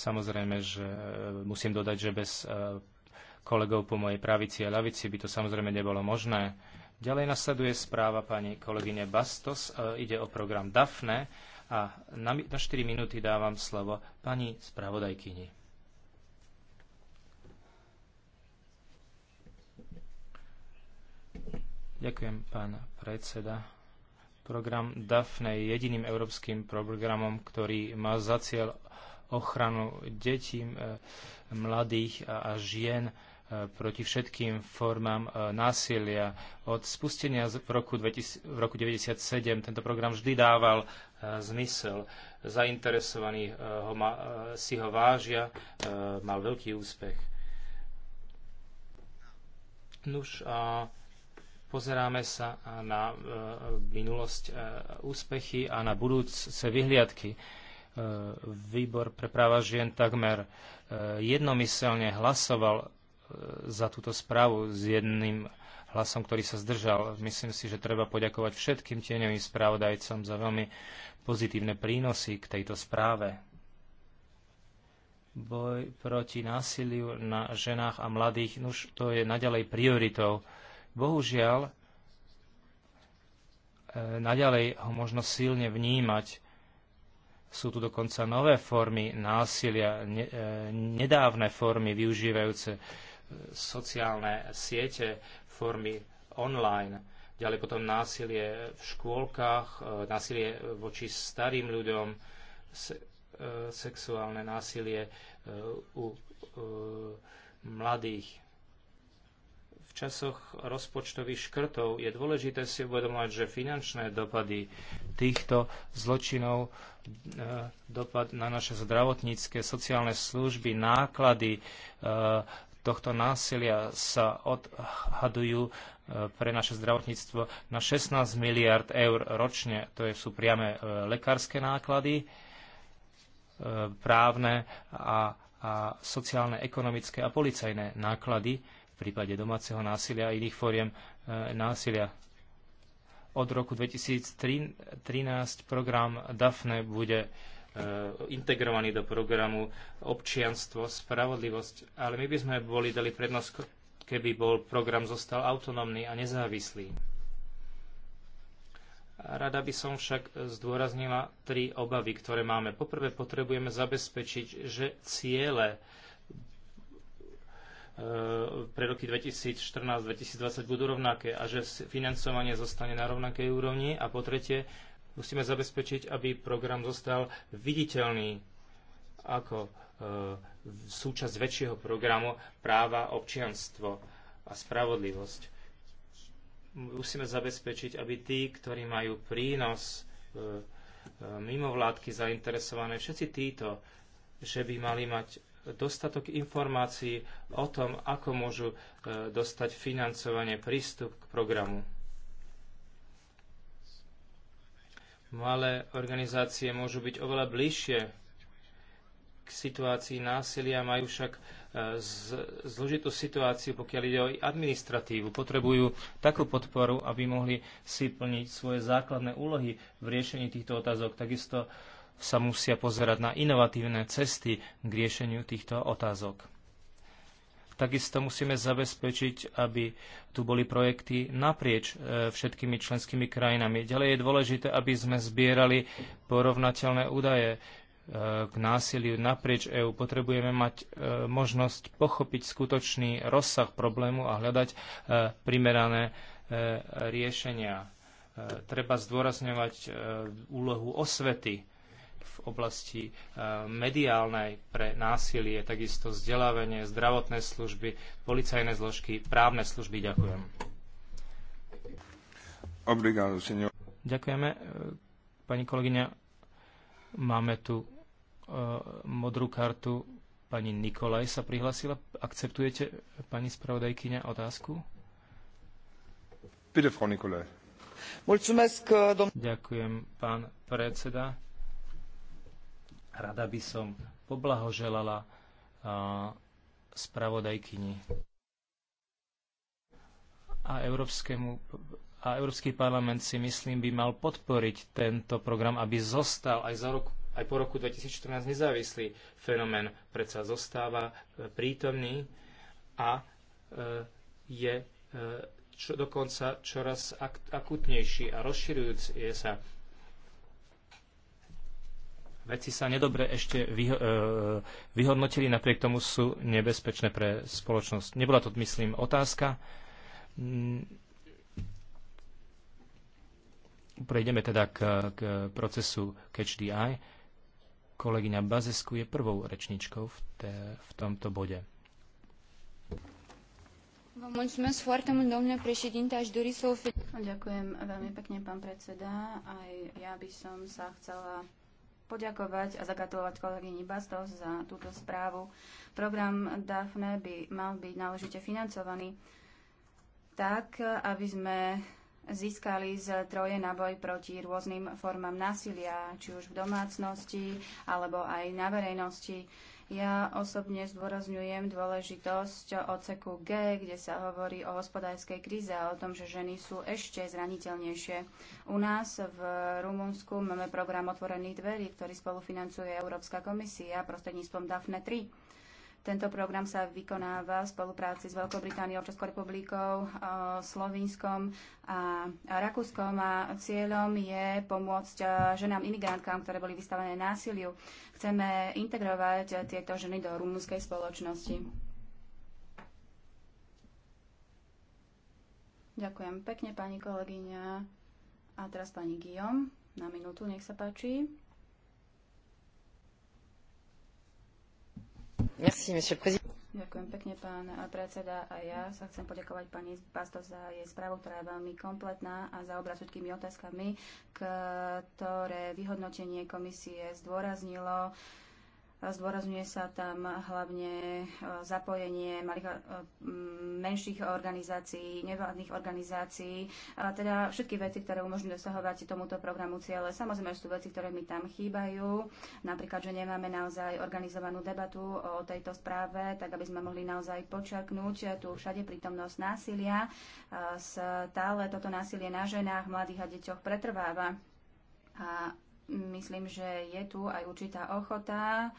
Samozrejme, že e, musím dodať, že bez e, kolegov po mojej pravici a ľavici by to samozrejme nebolo možné. Ďalej nasleduje správa pani kolegyne Bastos. E, ide o program DAFNE a na, 4 minúty dávam slovo pani spravodajkyni. Ďakujem, pán predseda. Program DAFNE je jediným európskym programom, ktorý má za cieľ ochranu detí, e, mladých a žien e, proti všetkým formám e, násilia. Od spustenia v roku 1997 tento program vždy dával zmysel. Zainteresovaní ho ma, si ho vážia, mal veľký úspech. Nuž, a pozeráme sa na minulosť úspechy a na budúce vyhliadky E, výbor pre práva žien takmer e, jednomyselne hlasoval e, za túto správu s jedným hlasom, ktorý sa zdržal. Myslím si, že treba poďakovať všetkým tieňovým správodajcom za veľmi pozitívne prínosy k tejto správe. Boj proti násiliu na ženách a mladých, nuž to je naďalej prioritou. Bohužiaľ, naďalej ho možno silne vnímať sú tu dokonca nové formy násilia, e, nedávne formy využívajúce e, sociálne siete, formy online. Ďalej potom násilie v škôlkach, e, násilie voči starým ľuďom, sexuálne násilie u mladých v časoch rozpočtových škrtov je dôležité si uvedomovať, že finančné dopady týchto zločinov, e, dopad na naše zdravotnícke, sociálne služby, náklady e, tohto násilia sa odhadujú e, pre naše zdravotníctvo na 16 miliard eur ročne. To sú priame lekárske náklady, právne a, a sociálne, ekonomické a policajné náklady prípade domáceho násilia a iných fóriem e, násilia. Od roku 2013 program DAFNE bude e, integrovaný do programu občianstvo, spravodlivosť, ale my by sme boli dali prednosť, keby bol program zostal autonómny a nezávislý. Rada by som však zdôraznila tri obavy, ktoré máme. Poprvé potrebujeme zabezpečiť, že ciele E, pre roky 2014-2020 budú rovnaké a že financovanie zostane na rovnakej úrovni. A po tretie, musíme zabezpečiť, aby program zostal viditeľný ako e, súčasť väčšieho programu práva, občianstvo a spravodlivosť musíme zabezpečiť, aby tí, ktorí majú prínos, e, mimovládky zainteresované, všetci títo, že by mali mať dostatok informácií o tom, ako môžu e, dostať financovanie, prístup k programu. Malé organizácie môžu byť oveľa bližšie k situácii násilia, majú však e, zložitú situáciu, pokiaľ ide o administratívu. Potrebujú takú podporu, aby mohli si plniť svoje základné úlohy v riešení týchto otázok. Takisto sa musia pozerať na inovatívne cesty k riešeniu týchto otázok. Takisto musíme zabezpečiť, aby tu boli projekty naprieč e, všetkými členskými krajinami. Ďalej je dôležité, aby sme zbierali porovnateľné údaje e, k násiliu naprieč EÚ. Potrebujeme mať e, možnosť pochopiť skutočný rozsah problému a hľadať primerané riešenia. Treba zdôrazňovať úlohu osvety v oblasti e, mediálnej pre násilie, takisto vzdelávanie, zdravotné služby, policajné zložky, právne služby. Ďakujem. Obrigado, senor. Ďakujeme. E, pani kolegyňa, máme tu e, modrú kartu. Pani Nikolaj sa prihlasila. Akceptujete, pani spravodajkyňa, otázku? Pide, Ďakujem, pán predseda. Rada by som poblahoželala spravodajkyni a, Európskemu, a Európsky parlament si myslím by mal podporiť tento program, aby zostal aj, za rok, aj po roku 2014 nezávislý fenomén predsa zostáva e, prítomný a e, je e, čo, dokonca čoraz ak, akutnejší a rozširujúci sa Veci sa nedobre ešte vyho- e, vyhodnotili, napriek tomu sú nebezpečné pre spoločnosť. Nebola to, myslím, otázka. Mm. Prejdeme teda k, k procesu Catch the Eye. Kolegyňa Bazesku je prvou rečničkou v, te, v tomto bode. Ďakujem veľmi pekne, pán predseda. Aj ja by som sa chcela poďakovať a zagratulovať kolegyni Bastos za túto správu. Program DAFNE by mal byť náležite financovaný tak, aby sme získali z na boj proti rôznym formám násilia, či už v domácnosti alebo aj na verejnosti ja osobne zdôrazňujem dôležitosť oceku G, kde sa hovorí o hospodárskej kríze a o tom, že ženy sú ešte zraniteľnejšie. U nás v Rumunsku máme program otvorených dverí, ktorý spolufinancuje Európska komisia prostredníctvom DAFNE 3. Tento program sa vykonáva v spolupráci s Veľkou Britániou, Českou republikou, e, Slovinskom a Rakúskom a cieľom je pomôcť e, ženám imigrantkám, ktoré boli vystavené násiliu. Chceme integrovať e, tieto ženy do rumúnskej spoločnosti. Ďakujem pekne, pani kolegyňa. A teraz pani Guillaume, na minútu, nech sa páči. Ďakujem pekne, pán predseda. A ja sa chcem poďakovať pani Pastos za jej správu, ktorá je veľmi kompletná a zaobrá všetkými otázkami, ktoré vyhodnotenie komisie zdôraznilo. Zdôrazňuje sa tam hlavne e, zapojenie malých, e, menších organizácií, nevládnych organizácií, teda všetky veci, ktoré umožňujú dosahovať tomuto programu ciele. Samozrejme, sú veci, ktoré mi tam chýbajú, napríklad, že nemáme naozaj organizovanú debatu o tejto správe, tak aby sme mohli naozaj počaknúť tú všade prítomnosť násilia. Stále toto násilie na ženách, mladých a deťoch pretrváva. A Myslím, že je tu aj určitá ochota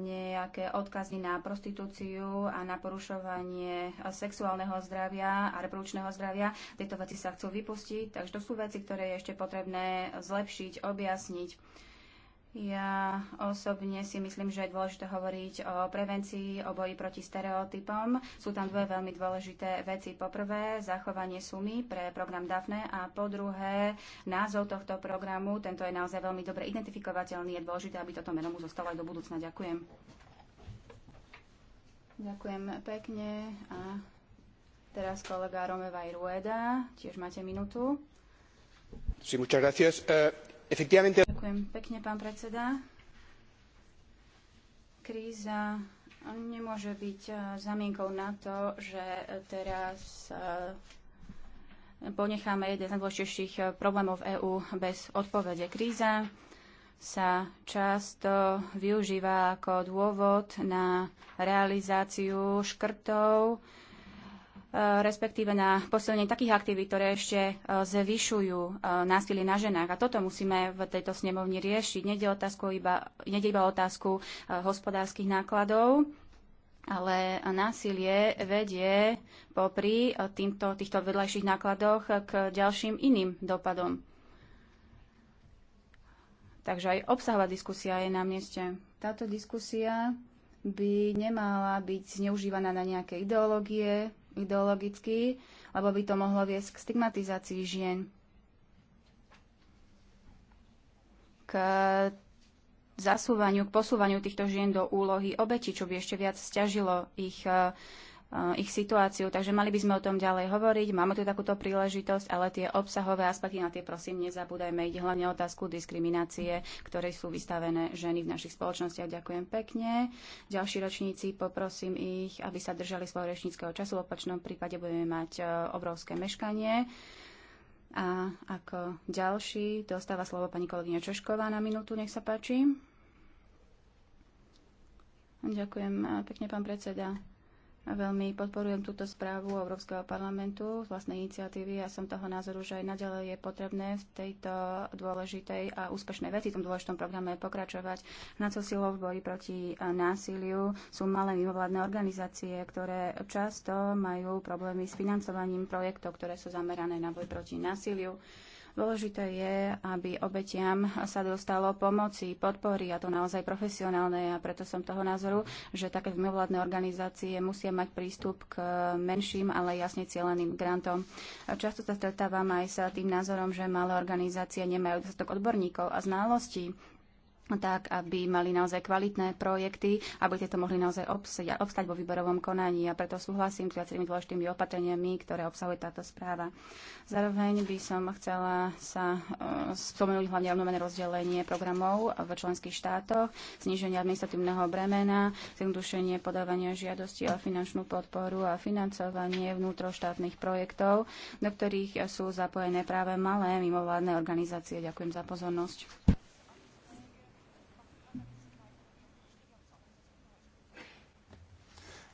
nejaké odkazy na prostitúciu a na porušovanie sexuálneho zdravia a reprodukčného zdravia. Tieto veci sa chcú vypustiť, takže to sú veci, ktoré je ešte potrebné zlepšiť, objasniť. Ja osobne si myslím, že je dôležité hovoriť o prevencii, o boji proti stereotypom. Sú tam dve veľmi dôležité veci. Po prvé, zachovanie sumy pre program DAFNE a po druhé, názov tohto programu. Tento je naozaj veľmi dobre identifikovateľný. Je dôležité, aby toto meno mu zostalo aj do budúcna. Ďakujem. Ďakujem pekne. A teraz kolega Romeva Irueda. Tiež máte minútu. Sí, muchas gracias. Uh, efectivamente... Ďakujem pekne, pán predseda. Kríza nemôže byť e, zamienkou na to, že teraz e, ponecháme jeden z najdôležitejších e, problémov EÚ bez odpovede. Kríza sa často využíva ako dôvod na realizáciu škrtov, Eh, respektíve na posilnenie takých aktivít, ktoré ešte eh, zvyšujú eh, násilie na ženách. A toto musíme v tejto snemovni riešiť. Nede, otázku iba, nede iba otázku hospodárskych nákladov, ale násilie vedie popri týmto, týchto vedľajších nákladoch k ďalším iným dopadom. Takže aj obsahová diskusia je na mieste. Táto diskusia by nemala byť zneužívaná na nejaké ideológie, ideologicky, lebo by to mohlo viesť k stigmatizácii žien. K zasúvaniu, k posúvaniu týchto žien do úlohy obeti, čo by ešte viac stiažilo ich eh, Eh, ich situáciu, takže mali by sme o tom ďalej hovoriť. Máme tu takúto príležitosť, ale tie obsahové aspekty na tie prosím nezabúdajme. Ide hlavne o otázku diskriminácie, ktoré sú vystavené ženy v našich spoločnostiach. Ďakujem pekne. Ďalší ročníci, poprosím ich, aby sa držali svojho rečníckého času. V opačnom prípade budeme mať eh, obrovské meškanie. A ako ďalší dostáva slovo pani kolegyňa Češková na minútu, nech sa páči. Ďakujem eh, pekne, pán predseda. Veľmi podporujem túto správu Európskeho parlamentu z vlastnej iniciatívy a ja som toho názoru, že aj naďalej je potrebné v tejto dôležitej a úspešnej veci, v tom dôležitom programe pokračovať. na co silou v boji proti eh, násiliu sú malé mimovládne organizácie, ktoré často majú problémy s financovaním projektov, ktoré sú zamerané na boj proti násiliu. Dôležité je, aby obetiam sa dostalo pomoci, podpory a to naozaj profesionálne a preto som toho názoru, že také mimovládne organizácie musia mať prístup k menším, ale jasne cieleným grantom. Často sa stretávam aj sa tým názorom, že malé organizácie nemajú dostatok odborníkov a znalostí tak, aby mali naozaj kvalitné projekty, aby tieto mohli naozaj obstať, vo výborovom konaní. A preto súhlasím s viacerými dôležitými opatreniami, ktoré obsahuje táto správa. Zároveň by som chcela sa e, spomenúť hlavne rovnomené rozdelenie programov v členských štátoch, zníženie administratívneho bremena, zjednodušenie podávania žiadosti o finančnú podporu a financovanie vnútroštátnych projektov, do ktorých sú zapojené práve malé mimovládne organizácie. Ďakujem za pozornosť.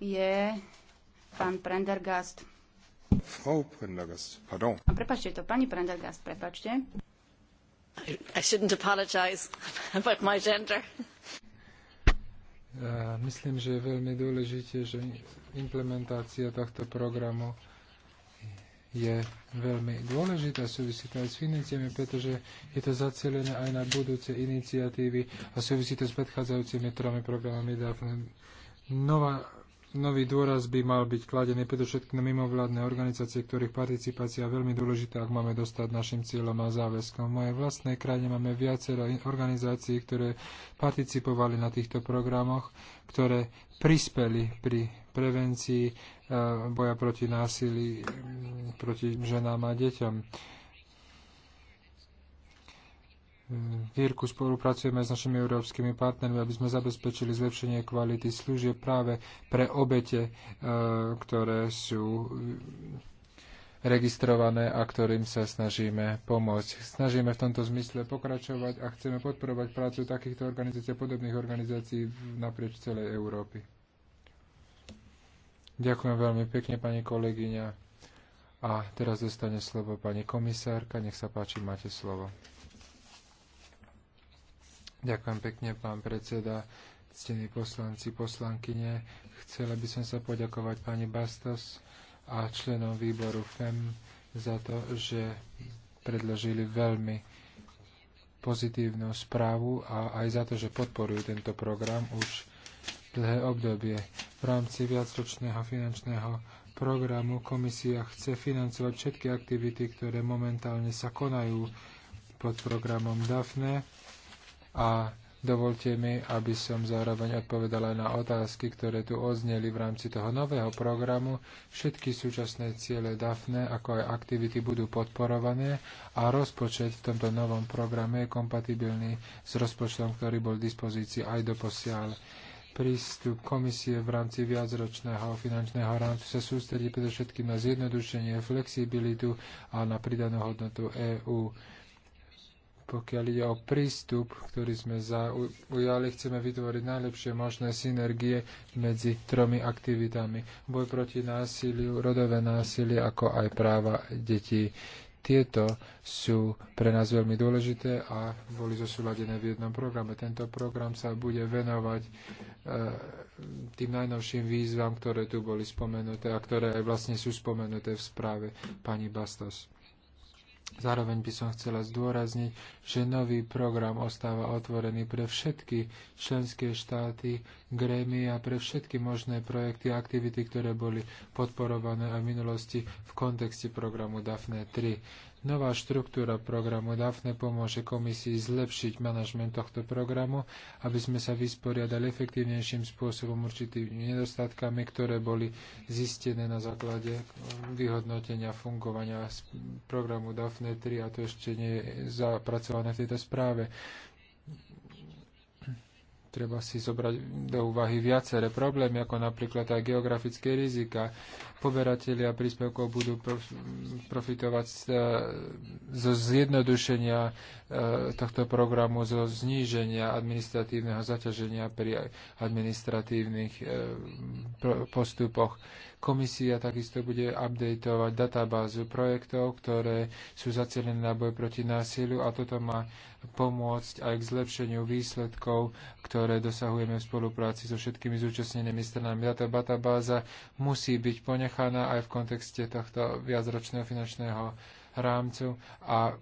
je pán Prendergast. Frau Prendergast, pardon. A prepačte to, pani Prendergast, prepačte. I shouldn't apologize about my gender. Ja myslím, že je veľmi dôležité, že implementácia tohto programu je veľmi dôležitá, súvisí to aj s financiami, pretože je to zacelené aj na budúce iniciatívy a súvisí to s predchádzajúcimi tromi programami DAFNE. Nová Nový dôraz by mal byť kladený predovšetkým na mimovládne organizácie, ktorých participácia je veľmi dôležitá, ak máme dostať našim cieľom a záväzkom. V mojej vlastnej krajine máme viacero organizácií, ktoré participovali na týchto programoch, ktoré prispeli pri prevencii eh, boja proti násilí mm, proti ženám a deťom Vírku spolupracujeme s našimi európskymi partnermi, aby sme zabezpečili zlepšenie kvality služieb práve pre obete, e, ktoré sú registrované a ktorým sa snažíme pomôcť. Snažíme v tomto zmysle pokračovať a chceme podporovať prácu takýchto organizácií a podobných organizácií naprieč celej Európy. Ďakujem veľmi pekne, pani kolegyňa. A teraz dostane slovo pani komisárka. Nech sa páči, máte slovo. Ďakujem pekne, pán predseda, ctení poslanci, poslankyne. Chcela by som sa poďakovať pani Bastos a členom výboru FEM za to, že predložili veľmi pozitívnu správu a aj za to, že podporujú tento program už dlhé obdobie. V rámci viacročného finančného programu komisia chce financovať všetky aktivity, ktoré momentálne sa konajú pod programom DAFNE a Dovolte mi, aby som zároveň odpovedala na otázky, ktoré tu ozneli v rámci toho nového programu. Všetky súčasné ciele DAFNE, ako aj aktivity, budú podporované a rozpočet v tomto novom programe je kompatibilný s rozpočtom, ktorý bol v dispozícii aj do posiaľ. Prístup komisie v rámci viacročného finančného rámcu sa sústredí predovšetkým na zjednodušenie, flexibilitu a na pridanú hodnotu EÚ pokiaľ ide o prístup, ktorý sme zaujali, chceme vytvoriť najlepšie možné synergie medzi tromi aktivitami. Boj proti násiliu, rodové násilie, ako aj práva detí. Tieto sú pre nás veľmi dôležité a boli zosúladené v jednom programe. Tento program sa bude venovať e, tým najnovším výzvam, ktoré tu boli spomenuté a ktoré aj vlastne sú spomenuté v správe pani Bastos. Zároveň by som chcela zdôrazniť, že nový program ostáva otvorený pre všetky členské štáty, grémy a pre všetky možné projekty a aktivity, ktoré boli podporované aj v minulosti v kontexte programu DAFNE 3. Nová štruktúra programu DAFNE pomôže komisii zlepšiť manažment tohto programu, aby sme sa vysporiadali efektívnejším spôsobom určitými nedostatkami, ktoré boli zistené na základe vyhodnotenia fungovania programu DAFNE 3 a to ešte nie je zapracované v tejto správe treba si zobrať do úvahy viaceré problémy, ako napríklad aj geografické rizika. Poberatelia príspevkov budú profitovať e, zo zjednodušenia e, tohto programu, zo zníženia administratívneho zaťaženia pri administratívnych e, postupoch. Komisia takisto bude updateovať databázu projektov, ktoré sú zacelené na boj proti násiliu a toto má pomôcť aj k zlepšeniu výsledkov, ktoré dosahujeme v spolupráci so všetkými zúčastnenými stranami. Táto databáza musí byť ponechaná aj v kontexte tohto viacročného finančného rámcu a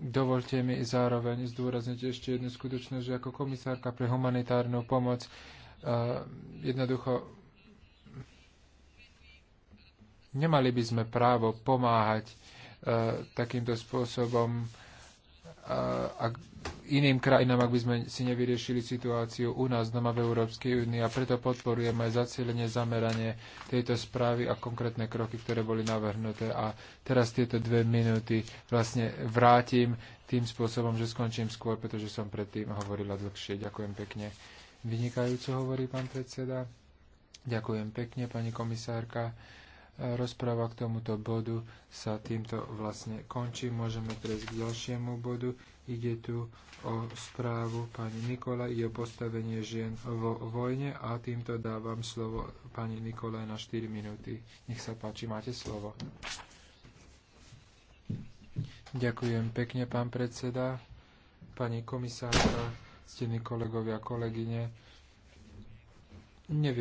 dovolte mi zároveň zdôrazniť ešte jednu skutočnosť, že ako komisárka pre humanitárnu pomoc uh, jednoducho Nemali by sme právo pomáhať e, takýmto spôsobom e, a iným krajinám, ak by sme si nevyriešili situáciu u nás doma v Európskej únii a preto podporujeme aj zacielenie, zameranie tejto správy a konkrétne kroky, ktoré boli navrhnuté. A teraz tieto dve minúty vlastne vrátim tým spôsobom, že skončím skôr, pretože som predtým hovorila dlhšie. Ďakujem pekne. Vynikajúco hovorí pán predseda. Ďakujem pekne, pani komisárka. Rozpráva k tomuto bodu sa týmto vlastne končí. Môžeme prejsť k ďalšiemu bodu. Ide tu o správu pani Nikola i o postavenie žien vo vojne a týmto dávam slovo pani Nikole na 4 minúty. Nech sa páči, máte slovo. Ďakujem pekne, pán predseda, pani komisárka, ctení kolegovia, kolegyne. Neviem,